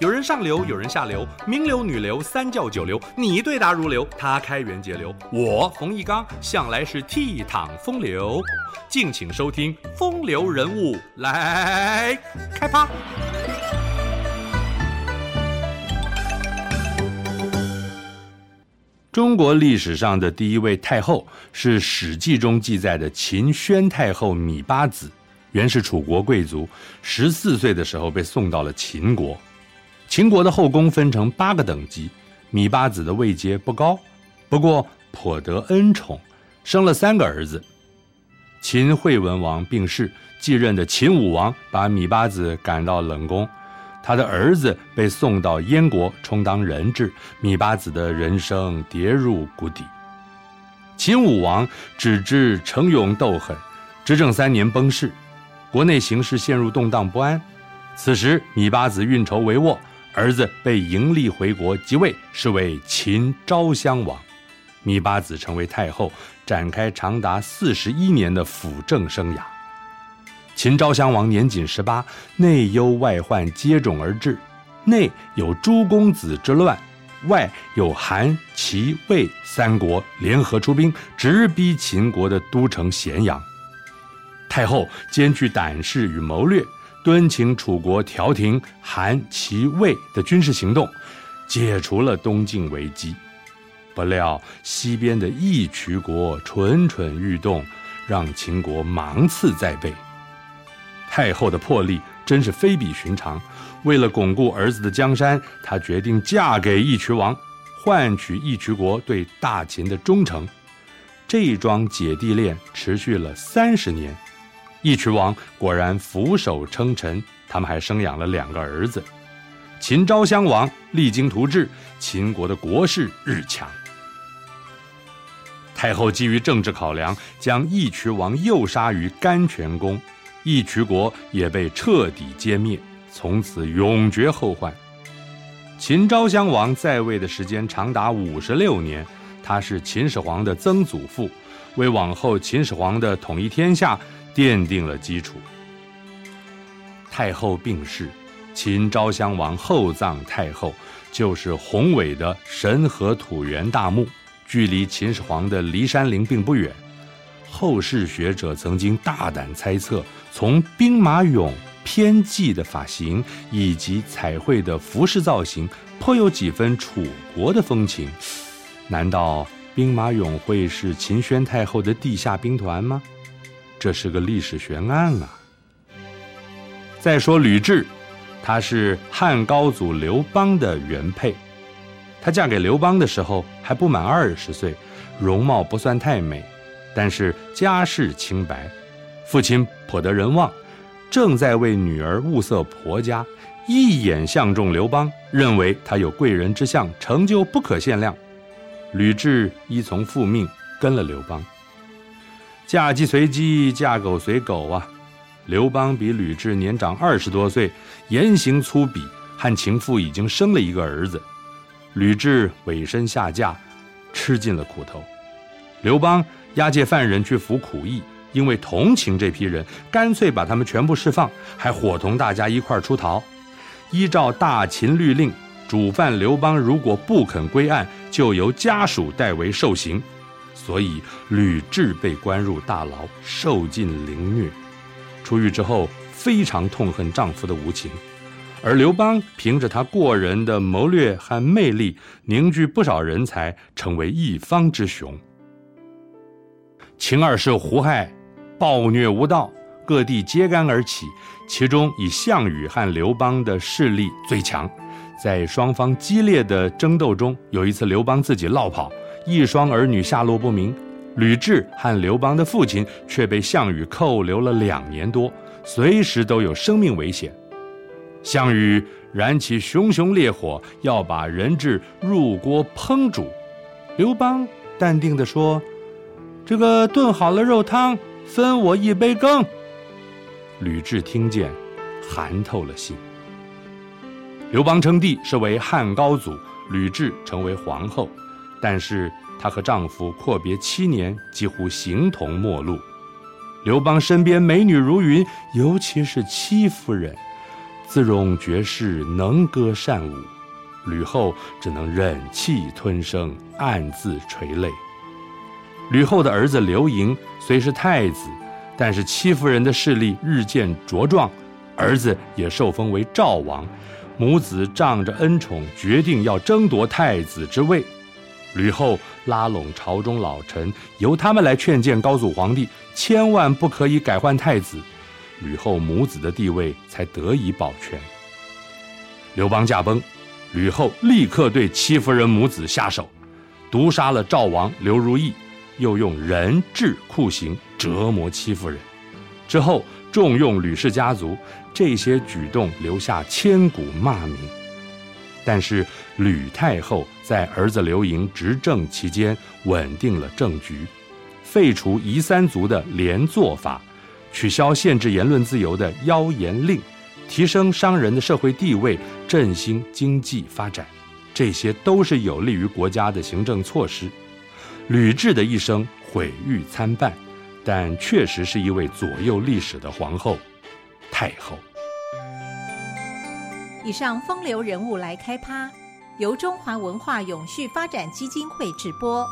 有人上流，有人下流，名流、女流、三教九流，你對答如流，他開源節流。我馮翊綱向來是倜儻風流，敬請收聽《風流人物》來開趴。中國歷史上的第一位太後是《史記》中記載的秦宣太后羋八子，原是楚國貴族，十四歲的時候被送到了秦國。秦國的後宮分成八個等級，羋八子的位階不高，不過頗得恩寵，生了三個兒子。秦惠文王病逝，繼任的秦武王把羋八子趕到冷宮，他的兒子被送到燕國充當人質，羋八子的人生跌入谷底。秦武王只知逞勇鬥狠，執政三年崩逝，國內形勢陷入動盪不安，此時羋八子運籌帷幄。兒子被迎立回國即位，是為秦昭襄王。羋八子成為太後，展開長達四十一年的輔政生涯。秦昭襄王年僅十八，內憂外患接踵而至，內有諸公子之亂，外有韓、齊、魏三國聯合出兵，直逼秦國的都城咸陽。太后兼具膽識與謀略。敦請楚國調停韓、齊、魏的軍事行動，解除了東境危機。不料西邊的義渠國蠢蠢欲動，讓秦國芒刺在背。太後的魄力真是非比尋常。為了鞏固兒子的江山，她決定嫁給義渠王，換取義渠國對大秦的忠誠。這一樁姐弟戀持續了三十年。義渠王果然俯首稱臣，他們還生養了兩個兒子。秦昭襄王勵精圖治，秦國的國勢日強。太后基於政治考量，將義渠王誘殺於甘泉宮，義渠國也被徹底殲滅，從此永絕後患。秦昭襄王在位的時間長達五十六年，他是秦始皇的曾祖父。為往後秦始皇的統一天下奠定了基礎。太后病逝，秦昭襄王厚葬太後，就是宏偉的神禾土原大墓，距離秦始皇的驪山陵並不遠。後世學者曾經大膽猜測，從兵馬俑偏髻的髮型以及彩繪的服飾造型，頗有幾分楚國的風情。難道？兵馬俑會是秦宣太後的地下兵團嗎？這是個歷史懸案啊。再說呂雉，她是漢高祖劉邦的原配，她嫁給劉邦的時候還不滿二十歲，容貌不算太美，但是家世清白，父親頗得人望，正在為女兒物色婆家，一眼相中劉邦，認為他有貴人之相，成就不可限量。呂雉依從父命，跟了劉邦。嫁雞隨雞，嫁狗隨狗啊！劉邦比呂雉年長二十多歲，言行粗鄙，和情婦已經生了一個兒子。呂雉委身下嫁，吃盡了苦頭。劉邦押解犯人去服苦役，因為同情這批人，乾脆把他們全部釋放，還夥同大家一塊兒出逃。依照大秦律令。主犯劉邦如果不肯歸案，就由家屬代為受刑，所以呂雉被關入大牢，受盡凌虐。出獄之後，非常痛恨丈夫的無情，而劉邦憑着他過人的謀略和魅力，凝聚不少人才，成為一方之雄。秦二世胡亥暴虐無道，各地揭竿而起，其中以項羽和劉邦的勢力最強。在雙方激烈的爭鬥中，有一次劉邦自己落跑，一雙兒女下落不明；呂雉和劉邦的父親卻被項羽扣留了兩年多，隨時都有生命危險。項羽燃起熊熊烈火，要把人質入鍋烹煮。劉邦淡定地說：“這個燉好了肉湯，分我一杯羹。”呂雉聽見，寒透了心。劉邦稱帝，是為漢高祖。呂雉成為皇後，但是她和丈夫闊別七年，幾乎形同陌路。劉邦身邊美女如雲，尤其是戚夫人，姿容絕世，能歌善舞。呂後只能忍氣吞聲，暗自垂淚。呂後的兒子劉盈雖是太子，但是戚夫人的勢力日漸茁壯，兒子也受封為趙王。母子仗着恩寵，決定要爭奪太子之位。呂後拉攏朝中老臣，由他們來勸諫高祖皇帝，千萬不可以改換太子，呂後母子的地位才得以保全。劉邦駕崩，呂後立刻對戚夫人母子下手，毒殺了趙王劉如意，又用人彘酷刑折磨戚夫人。之後重用呂氏家族，這些舉動留下千古罵名。但是呂太後在兒子劉盈執政期間穩定了政局，廢除夷三族的連坐法，取消限制言論自由的妖言令，提升商人的社會地位，振興經濟發展，這些都是有利於國家的行政措施。呂雉的一生毀譽參半。但確實是一位左右歷史的皇後、太後。以上風流人物來開趴，由中華文化永續發展基金會直播。